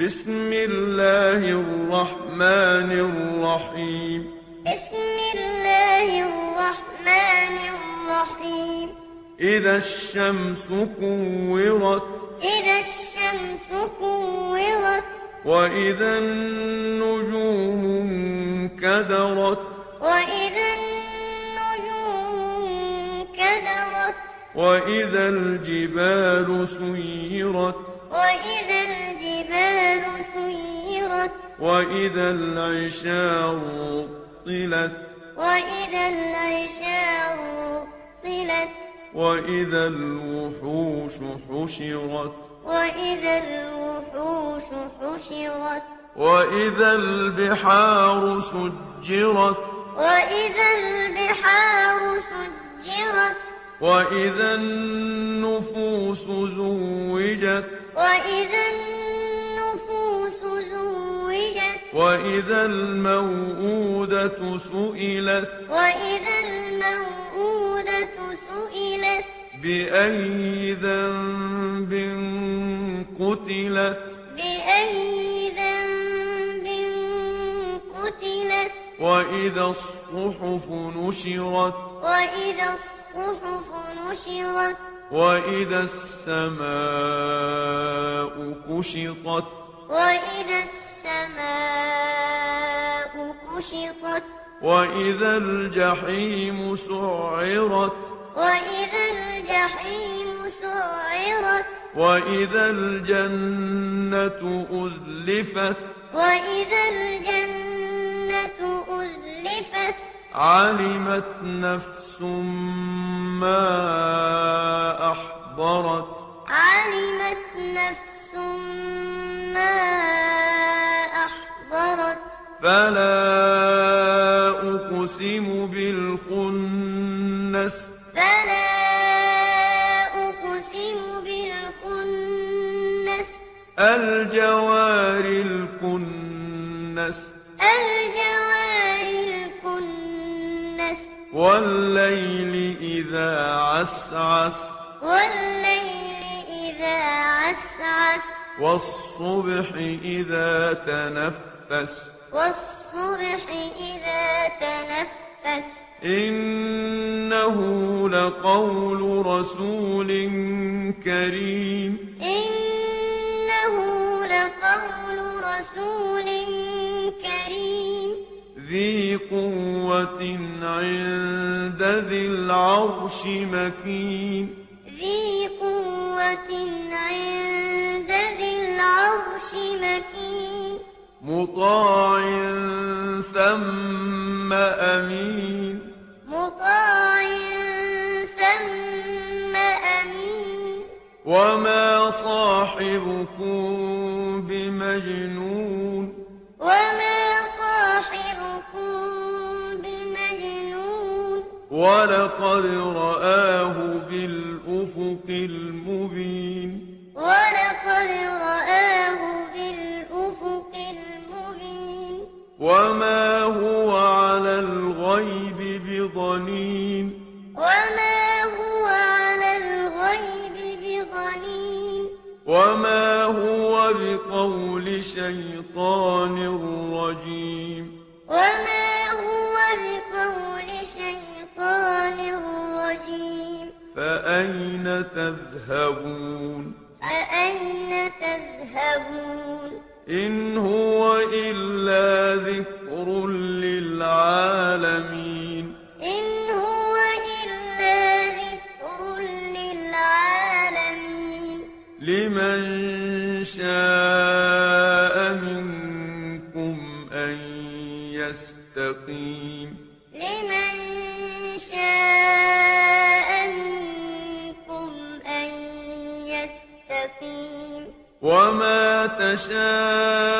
بسم الله الرحمن الرحيم بسم الله الرحمن الرحيم إذا الشمس كورت إذا الشمس كورت وإذا النجوم كدرت وإذا النجوم كدرت وإذا الجبال سيرت وإذا الجبال سيرت وإذا العشار طلت وإذا العشار طلت وإذا الوحوش حشرت وإذا الوحوش حشرت وإذا البحار سجرت وإذا البحار سجرت وإذا النفوس زوجت وإذا النفوس زوجت وإذا الموءودة سئلت وإذا الموءودة سئلت بأي ذنب قتلت بأي ذنب قتلت وإذا الصحف نشرت وإذا الصحف نشرت وإذا السماء كشطت وإذا السماء كشطت وإذا الجحيم سعرت وإذا الجحيم سعرت وإذا الجنة أزلفت وإذا الجنة أزلفت علمت نفس ما أحضرت علمت نفس ما أحضرت فلا أقسم بالخنس فلا أقسم بالخنس الجوار الكنس الجوار والليل إذا عسعس والليل إذا عسعس والصبح إذا تنفس والصبح إذا تنفس إنه لقول رسول كريم إنه لقول رسول كريم قوة عند ذي العرش مكين ذي قوة عند ذي العرش مكين مطاع ثم أمين مطاع ثم أمين وما صاحبكم بمجنون وما ولقد رآه بالأفق المبين ولقد رآه بالأفق المبين وما هو على الغيب بضنين وما هو على الغيب بضنين وما هو بقول شيطان رجيم وما فأين تذهبون فأين تذهبون إن هو إلا ذكر للعالمين إن هو إلا ذكر للعالمين لمن شاء منكم أن يستقيم تشاء